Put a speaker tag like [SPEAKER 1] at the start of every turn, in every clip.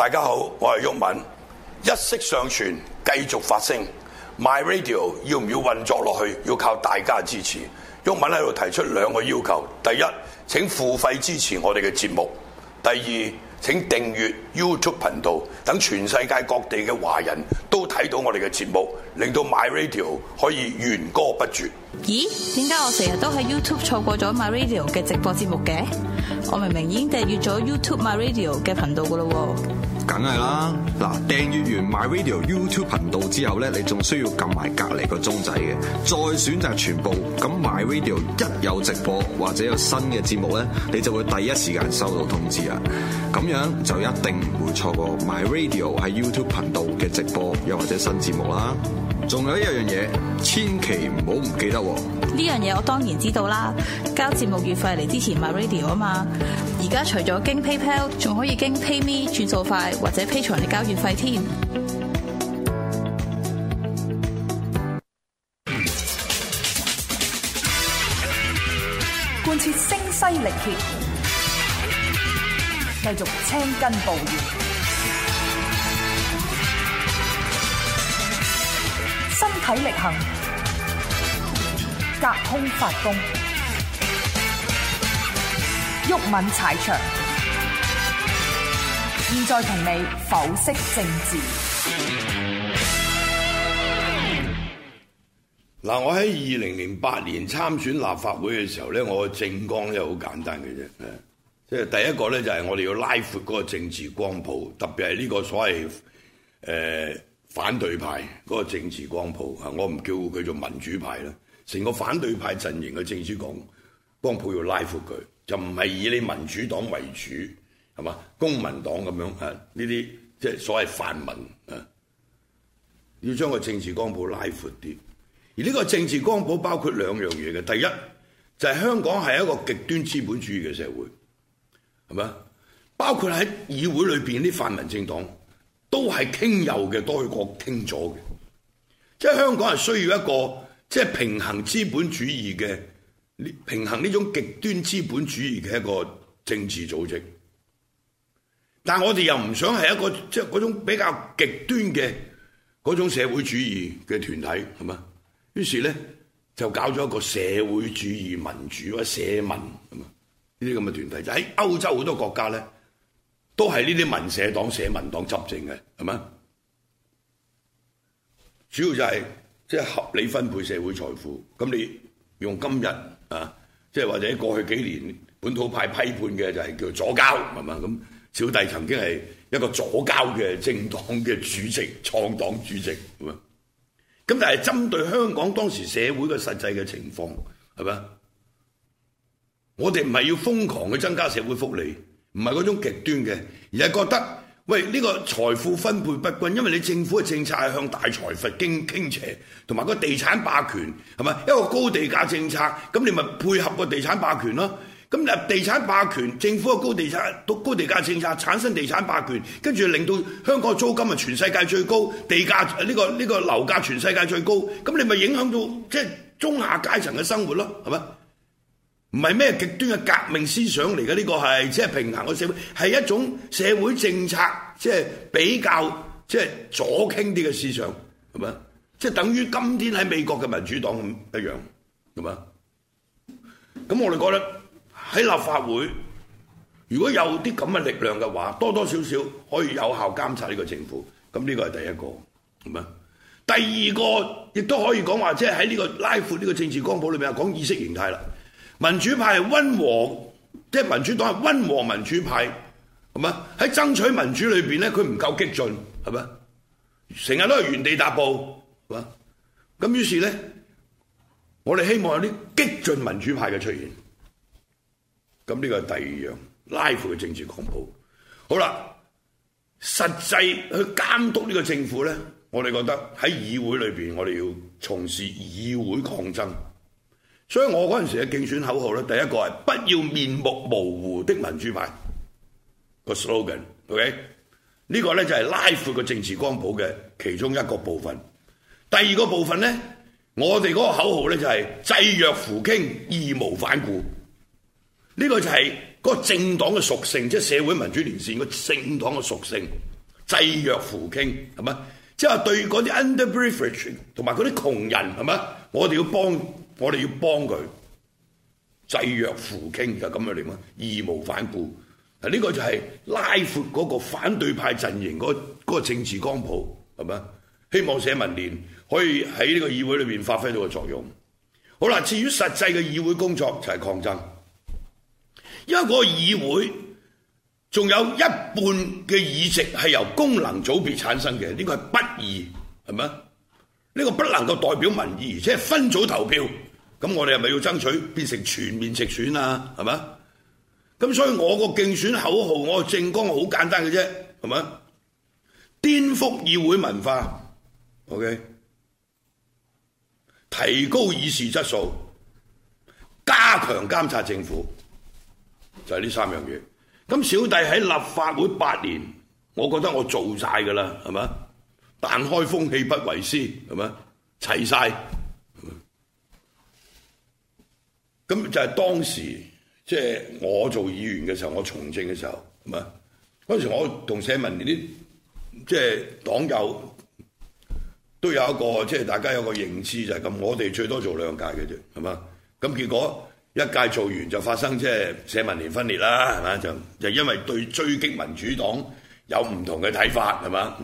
[SPEAKER 1] 大家好，我係毓民，一息尚存，繼續發聲。My radio 要唔要運作落去？要靠大家支持。毓民喺度提出兩個要求：第一，請付費支持我哋嘅節目；第二。請訂閱 YouTube 頻道，等全世界各地嘅華人都睇到我哋嘅節目，令到 My Radio 可以弦歌不絕。咦？點解我成日都喺 YouTube 錯過咗 My Radio 嘅直播節目嘅？我明明已經訂閱咗 YouTube My Radio 嘅頻道噶啦喎。梗係啦，嗱，訂閱完 My Radio YouTube 頻道之後咧，你仲需要撳埋隔離個鐘仔嘅，再選擇全部。咁 My Radio 一有直播或者有新嘅節目咧，你就會第一時間收到通知啊！咁樣就一定唔會錯過 my radio 喺 YouTube 頻道嘅直播，又或者新節目啦。仲有一樣嘢，千祈唔好唔記得。呢樣嘢我當然知道啦，交節目月費嚟支持 my radio 啊嘛。而家除咗經 PayPal，仲可以經 PayMe 轉數快，或者 Patreon 嚟交月費添。貫徹聲嘶力竭。繼續青筋暴現，身體力行，隔空發功，毓民踩場。現在同你剖析政治。嗱，我喺二零零八年參選立法會嘅時候咧，我嘅政綱咧好簡單嘅啫，即係第一個咧，就係我哋要拉闊嗰個政治光譜，特別係呢個所謂誒、呃、反對派嗰個政治光譜，我唔叫佢做民主派啦，成個反對派陣營嘅政治光譜要拉闊佢，就唔係以你民主黨為主係嘛，公民黨咁樣啊，呢啲即係所謂泛民啊，要將個政治光譜拉闊啲。而呢個政治光譜包括兩樣嘢嘅，第一就係、是、香港係一個極端資本主義嘅社會。係咪包括喺議會裏邊啲泛民政黨都係傾右嘅多過傾左嘅，即係香港係需要一個即係平衡資本主義嘅平衡、呢種極端資本主義嘅一個政治組織。但我哋又唔想係一個即係嗰種比較極端嘅嗰種社會主義嘅團體，係咪？於是呢，就搞咗一個社會主義民主或社民呢啲咁嘅團體就喺歐洲好多國家咧，都係呢啲民社黨、社民黨執政嘅，係嘛？主要就係即係合理分配社會財富。咁你用今日啊，即係或者過去幾年本土派批判嘅就係叫左膠。係嘛？咁小弟曾經係一個左膠嘅政黨嘅主席、創黨主席，咁啊。咁但係針對香港當時社會嘅實際嘅情況，係咪啊？我哋唔係要瘋狂去增加社會福利，唔係嗰種極端嘅，而係覺得喂呢個財富分配不均，因為你政府嘅政策係向大財閥傾傾斜，同埋個地產霸權係咪？一個高地價政策，咁你咪配合個地產霸權咯？咁啊，地產霸權，政府嘅高地產到高地價政策產生地產霸權，跟住令到香港租金咪全世界最高，地價呢個呢個樓價全世界最高，咁你咪影響到即係中下階層嘅生活咯，係咪？唔係咩極端嘅革命思想嚟嘅。呢個係即係平衡嘅社會，係一種社會政策，即係比較即係左傾啲嘅思想，係咪啊？即係等於今天喺美國嘅民主黨一樣，係咪啊？咁我哋覺得喺立法會，如果有啲咁嘅力量嘅話，多多少少可以有效監察呢個政府。咁呢個係第一個，係咪？第二個亦都可以講話，即係喺呢個拉闊呢個政治光譜裏邊，講意識形態啦。民主派係溫和，即係民主黨係溫和民主派，係咪？喺爭取民主裏邊咧，佢唔夠激進，係咪？成日都係原地踏步，係嘛？咁於是咧，我哋希望有啲激進民主派嘅出現。咁呢個係第二樣拉 e 嘅政治恐怖。好啦，實際去監督呢個政府咧，我哋覺得喺議會裏邊，我哋要從事議會抗爭。所以我嗰陣時嘅競選口號咧，第一個係不要面目模糊的民主派的 slogan，okay? 呢個 slogan，OK？呢個咧就係拉闊個政治光譜嘅其中一個部分。第二個部分咧，我哋嗰個口號咧就係濟弱扶傾，義無反顧。呢、呢個就係嗰個政黨嘅屬性，即係社會民主連線個政黨嘅屬性，濟弱扶傾係嘛？即係、就是、對嗰啲 underprivileged 同埋嗰啲窮人係嘛？我哋要幫。我哋要幫佢制約扶傾就咁、是、樣嚟嘛，義無反顧。啊，呢個就係拉闊嗰個反對派陣營嗰嗰、那個那個政治光譜，係咪啊？希望社民連可以喺呢個議會裏邊發揮到個作用。好啦，至於實際嘅議會工作就係、是、抗爭，因為個議會仲有一半嘅議席係由功能組別產生嘅，呢、這個係不義，係咪啊？呢個不能夠代表民意，而且係分組投票。咁我哋係咪要爭取變成全面直選啊？係嘛？咁所以我個競選口號，我個政綱好簡單嘅啫，係咪？顛覆議會文化，OK，提高議事質素，加強監察政府，就係呢三樣嘢。咁小弟喺立法會八年，我覺得我做晒㗎啦，係嘛？但開風氣不為師，係咪？齊晒。咁就係當時，即係我做議員嘅時候，我從政嘅時候，係嘛？嗰陣時我同社民連啲，即係黨友，都有一個即係大家有個認知就係咁，我哋最多做兩屆嘅啫，係嘛？咁結果一屆做完就發生即係社民連分裂啦，係嘛？就就因為對追擊民主黨有唔同嘅睇法，係嘛？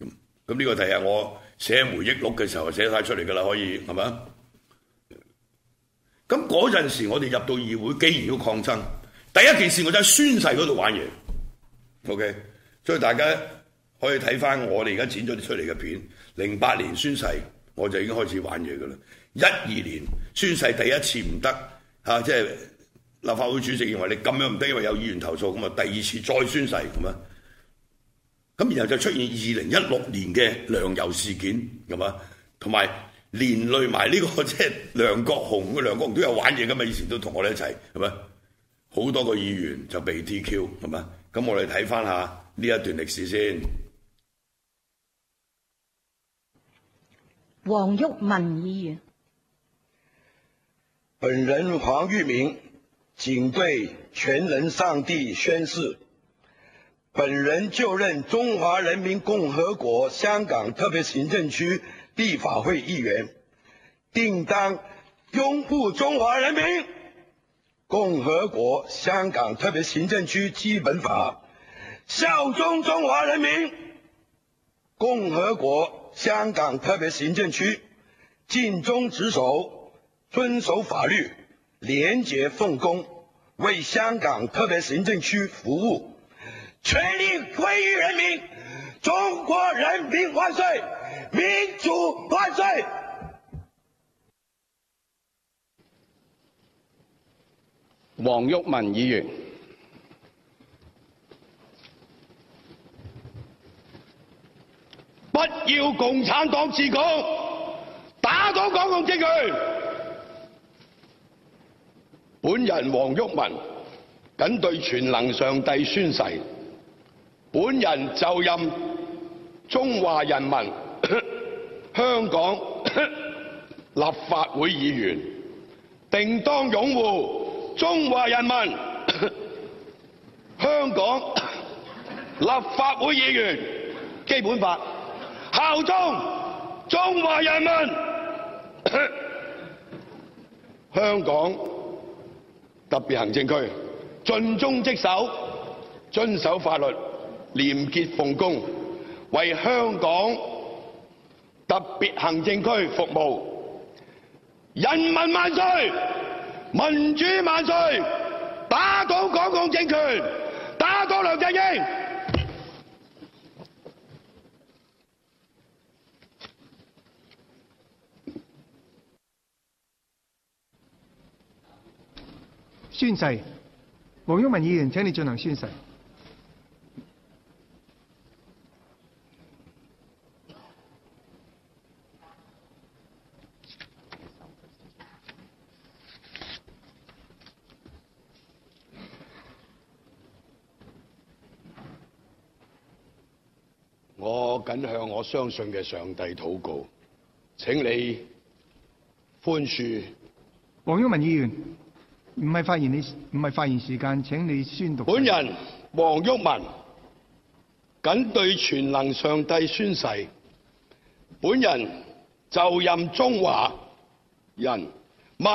[SPEAKER 1] 咁咁呢個題係我寫回憶錄嘅時候寫曬出嚟㗎啦，可以係嘛？咁嗰陣時，我哋入到議會，既然要抗爭，第一件事我就喺宣誓嗰度玩嘢。O、OK? K.，所以大家可以睇翻我哋而家剪咗啲出嚟嘅片。零八年宣誓，我就已經開始玩嘢噶啦。一二年宣誓第一次唔得，吓，即、即係、立法會主席認為你咁樣唔得，因為有議員投訴，咁啊，第二次再宣誓咁，咁然後就出現二零一六年嘅糧油事件，咁嘛？同埋，連累埋呢個即係梁國雄，梁國雄都有玩嘢噶嘛？以前都同我哋一齊，係咪？好多個議員就被 DQ，係咪？咁我哋睇翻下呢一段歷史先。黃毓民議員，本人黃毓民，謹對全能上帝宣誓，本人就任中華人民共和國香港特別行政區。立法會議員，定當擁護中華人民共和國香港特別行政區基本法，效忠中華人民共和國香港特別行政區，盡忠職守，遵守法律，廉潔奉公，為香港特別行政區服務，權力歸於人民。中國人民萬歲！民主萬歲。黃毓民議員，不要共產黨治港，打倒港共政權。本人黃毓民，謹對全能上帝宣誓：本人就任中華人民。香港 立法會議員定當擁護中華人民。 香港 立法會議員基本法效忠中，中華人民。 香港特別行政區盡忠職守，遵守法律，廉潔奉公，為香港。特別行政區服務，人民萬歲，民主萬歲，打倒港共政權，打倒梁振英。宣誓，黃毓民議員，請你進行宣誓。我相信嘅上帝，禱告。請你寬恕。黃毓民議員，唔係發言你，唔係發言時間。請你宣讀。本人黃毓民，僅對全能上帝宣誓。本人就任中華人民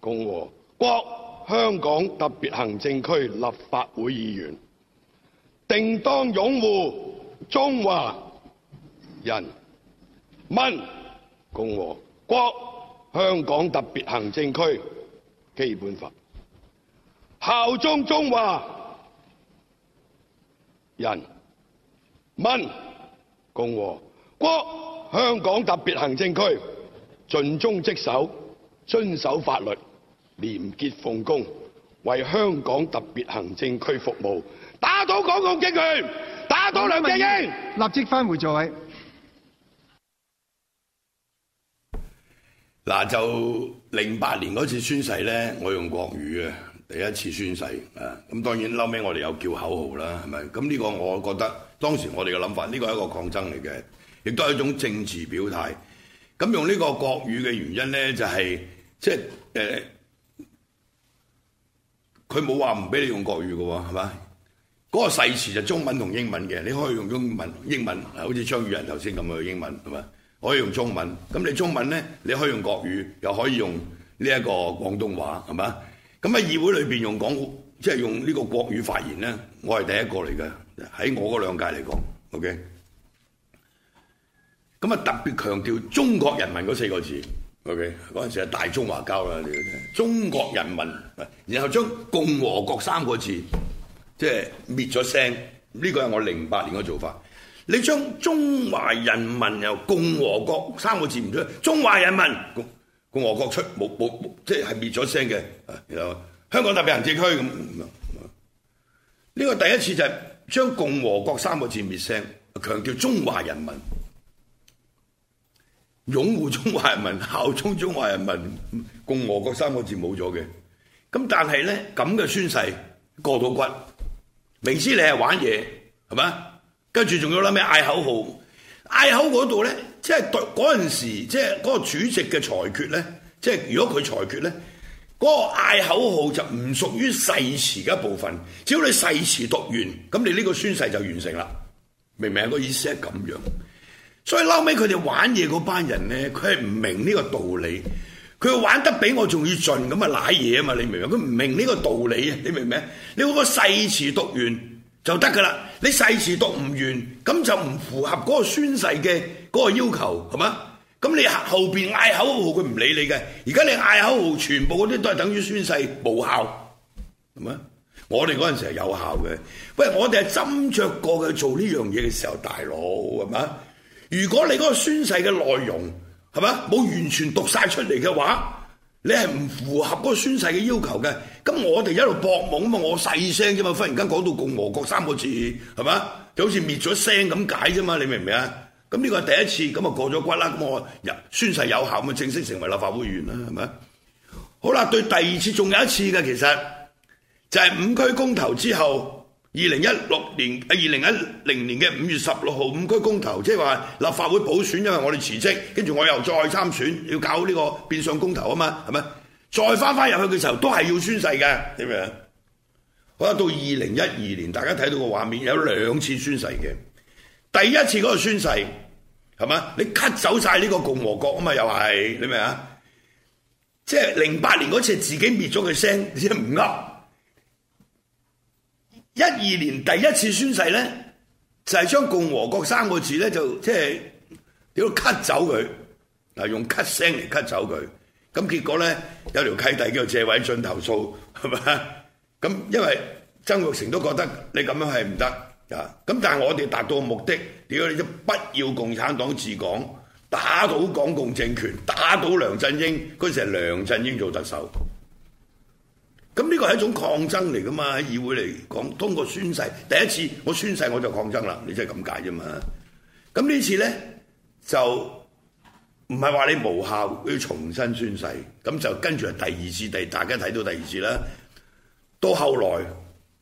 [SPEAKER 1] 共和國香港特別行政區立法會議員，定當擁護中華。人民共和國香港特別行政區基本法，效忠中華人民共和國香港特別行政區，盡忠職守，遵守法律，廉潔奉公，為香港特別行政區服務。打倒港共政權！打倒梁振英！立即返回座位。嗱就零八年嗰次宣誓咧，我用國語啊。第一次宣誓啊，咁當然嬲尾我哋又叫口號啦，係咪？咁呢個我覺得當時我哋嘅諗法，呢、這個係一個抗爭嚟嘅，亦都係一種政治表態。咁用呢個國語嘅原因咧，就係、是、即係誒，佢冇話唔俾你用國語嘅喎，係咪？嗰、那個誓詞就中文同英文嘅，你可以用中文英文，好似張宇人頭先咁嘅英文，係咪？可以用中文，咁你中文呢？你可以用國語，又可以用呢一個廣東話，係嘛？咁喺議會裏邊用講，即係用呢個國語發言呢，我係第一個嚟嘅，喺我嗰兩屆嚟講，OK。咁啊，特別強調中國人民嗰四個字，OK。嗰陣時係大中華膠啦，你要聽，中國人民，然後將共和國三個字即係滅咗聲，呢個係我零八年嘅做法。你將中華人民由共和國三個字唔出，中華人民共共和國出冇冇，即係滅咗聲嘅。然後香港特別行政區咁，呢個第一次就係將共和國三個字滅聲，強調中華人民，擁護中華人民，效忠中華人民，共和國三個字冇咗嘅。咁但係咧，咁嘅宣誓過到骨，明知你係玩嘢係咪？跟住仲要諗咩嗌口號，嗌口嗰度呢，即係嗰時，即係嗰、嗰個主席嘅裁決呢。即係如果佢裁決呢，嗰、嗰個嗌口號就唔屬於誓詞嘅部分。只要你誓詞讀完，咁你呢個宣誓就完成啦。明唔明啊？個意思係咁樣。所以嬲尾佢哋玩嘢嗰班人呢，佢係唔明呢個道理。佢玩得比我仲要盡咁啊，瀨嘢啊嘛，你明唔明？佢唔明呢個道理啊，你明唔明？你個誓詞讀完就得噶啦。你誓詞讀唔完，咁就唔符合嗰個宣誓嘅嗰個要求，係嘛？咁你後邊嗌口號，佢唔理你嘅。而家你嗌口號，全部嗰啲都係等於宣誓無效，係嘛？我哋嗰陣時係有效嘅。喂，我哋係斟酌過嘅，做呢樣嘢嘅時候，大佬係嘛？如果你嗰個宣誓嘅內容係嘛，冇完全讀晒出嚟嘅話。你係唔符合嗰個宣誓嘅要求嘅，咁我哋一路搏懵啊嘛，我細聲啫嘛，忽然間講到共和國三個字，係咪，就好似滅咗聲咁解啫嘛，你明唔明啊？咁呢個係第一次，咁啊過咗關啦，咁我宣誓有效，咁啊正式成為立法會議員啦，係咪？好啦，對第二次，仲有一次嘅，其實就係五區公投之後。二零一六年，二零一零年嘅五月十六號五區公投，即係話立法會補選，因為我哋辭職，跟住我又再參選，要搞呢個變相公投啊嘛，係咪？再翻翻入去嘅時候，都係要宣誓嘅，點樣？好啦，到二零一二年，大家睇到個畫面有兩次宣誓嘅，第一次嗰個宣誓係嘛？你 cut 走晒呢個共和國啊嘛，又係你明啊？即係零八年嗰次自己滅咗個聲，你且唔噏。一二年第一次宣誓咧，就係、是、將共和國三個字咧就即係屌 cut 走佢，嗱、就是、用 cut 聲嚟 cut 走佢，咁結果咧有條契弟叫謝偉俊投訴係咪？咁因為曾鈺成都覺得你咁樣係唔得啊，咁但係我哋達到的目的，點解你都不要共產黨治港，打倒港共政權，打倒梁振英，嗰時係梁振英做特首。咁呢個係一種抗爭嚟噶嘛？喺議會嚟講，通過宣誓，第一次我宣誓我就抗爭啦。你真係咁解啫嘛。咁呢次咧就唔係話你無效要重新宣誓，咁就跟住第二次，第大家睇到第二次啦。到後來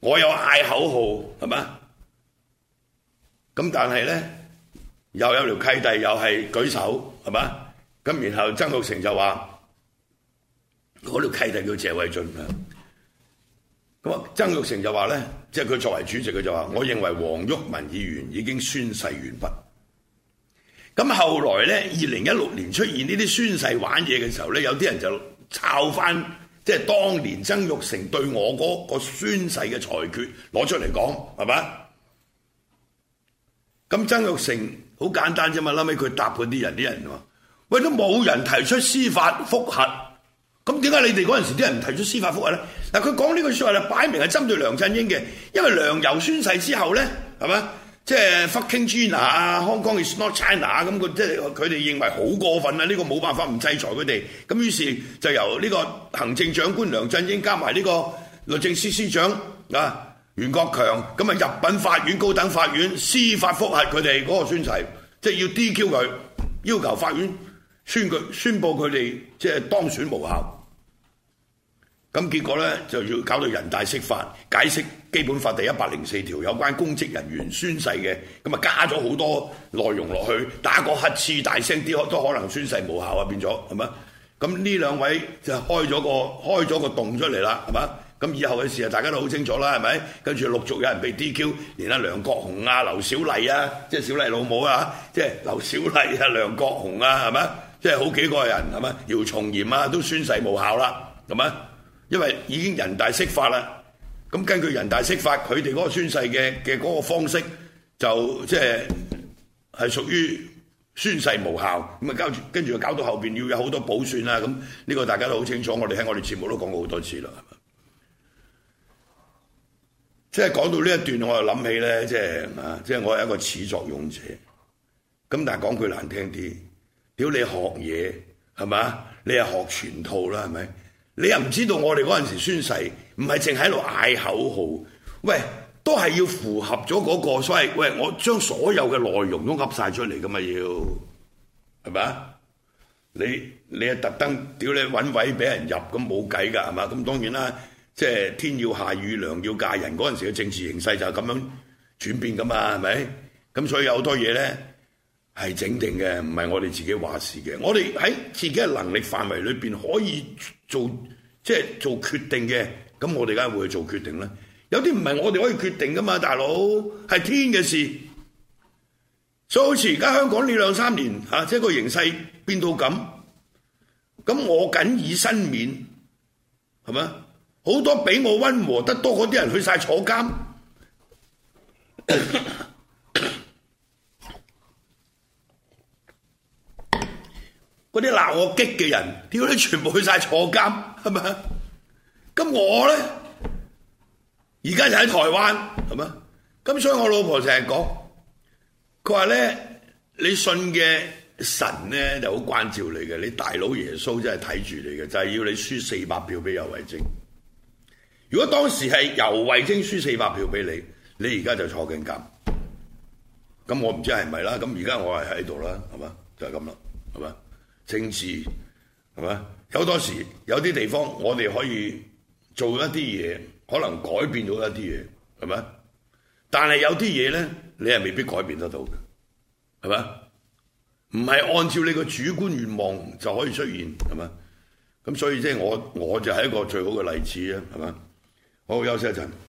[SPEAKER 1] 我有嗌口號係嘛？咁但係咧又有條契弟又係舉手係嘛？咁然後曾浩成就話：嗰條契弟叫謝偉俊。咁曾鈺成就話呢，即係佢作為主席，佢就話，我認為黃毓民議員已經宣誓完畢。咁後來呢，二零一六年出現呢啲宣誓玩嘢嘅時候呢，有啲人就抄翻，即係當年曾鈺成對我嗰個宣誓嘅裁決攞出嚟講，係嘛？咁曾鈺成好簡單啫嘛，後尾佢答嗰啲人，啲人話，喂，都冇人提出司法覆核。咁點解你哋嗰陣時啲人唔提出司法覆核咧？嗱，佢講呢句說話咧，擺明係針對梁振英嘅，因為梁游宣誓之後咧，係咪？即係 Fucking China 啊，Hong Kong is not China 啊，咁佢即係佢哋認為好過分啊，呢個冇辦法唔制裁佢哋。咁於是就由呢個行政長官梁振英加埋呢個律政司司長啊袁國強，咁咪入禀法院、高等法院司法覆核佢哋嗰個宣誓，即係要 DQ 佢，要求法院。宣佢宣佈佢哋即係當選無效，咁結果呢，就要搞到人大釋法解釋基本法第一百零四條有關公職人員宣誓嘅，咁啊加咗好多內容落去，打個乞嗤，大聲啲，都可能宣誓無效啊！變咗係嘛？咁呢兩位就開咗個開咗個洞出嚟啦，係嘛？咁以後嘅事啊，大家都好清楚啦，係咪？跟住陸續有人被 DQ，連阿梁國雄啊、劉小麗啊，即係小麗老母啊，即係劉小麗啊、梁國雄啊，係咪？即係好幾個人係嘛，姚松炎啊都宣誓無效啦，係嘛？因為已經人大釋法啦，咁根據人大釋法，佢哋嗰個宣誓嘅嘅嗰個方式，就即係係屬於宣誓無效，咁啊跟住跟住搞到後邊要有好多補選啦，咁呢個大家都好清楚，我哋喺我哋節目都講過好多次啦，係嘛？即係講到呢一段，我又諗起咧，即係啊，即係我係一個始作俑者，咁但係講句難聽啲。屌你學嘢係嘛？你係學全套啦，係咪？你又唔知道我哋嗰陣時宣誓唔係淨喺度嗌口號，喂，都係要符合咗嗰個所謂喂，我將所有嘅內容都噏晒出嚟噶嘛要係咪？你你啊特登屌你揾位俾人入咁冇計㗎係嘛？咁當然啦，即係天要下雨，娘要嫁人嗰陣時嘅政治形勢就係咁樣轉變噶嘛係咪？咁所以有好多嘢咧。係整定嘅，唔係我哋自己話事嘅。我哋喺自己嘅能力範圍裏邊可以做即係、就是、做決定嘅，咁我哋梗係會去做決定啦。有啲唔係我哋可以決定噶嘛，大佬係天嘅事。所以好似而家香港呢兩三年啊，即係個形勢變到咁，咁我僅以身免係咪？好多比我溫和得多嗰啲人去晒坐監。 嗰啲鬧我激嘅人，屌你全部去晒坐監，係咪？咁我咧，而家就喺台灣，係嘛？咁所以我老婆成日講，佢話咧，你信嘅神咧就好關照你嘅，你大佬耶穌真係睇住你嘅，就係要你輸四百票俾游蕙禎。如果當時係游蕙禎輸四百票俾你，你而家就坐緊監。咁我唔知係咪啦，咁而家我係喺度啦，係嘛？就係咁啦，係嘛？政治係嘛？有好多時有啲地方，我哋可以做一啲嘢，可能改變咗一啲嘢，係嘛？但係有啲嘢咧，你係未必改變得到嘅，係嘛？唔係按照你個主觀願望就可以出現係嘛？咁所以即係我我就係一個最好嘅例子啊，係嘛？好，休息一陣。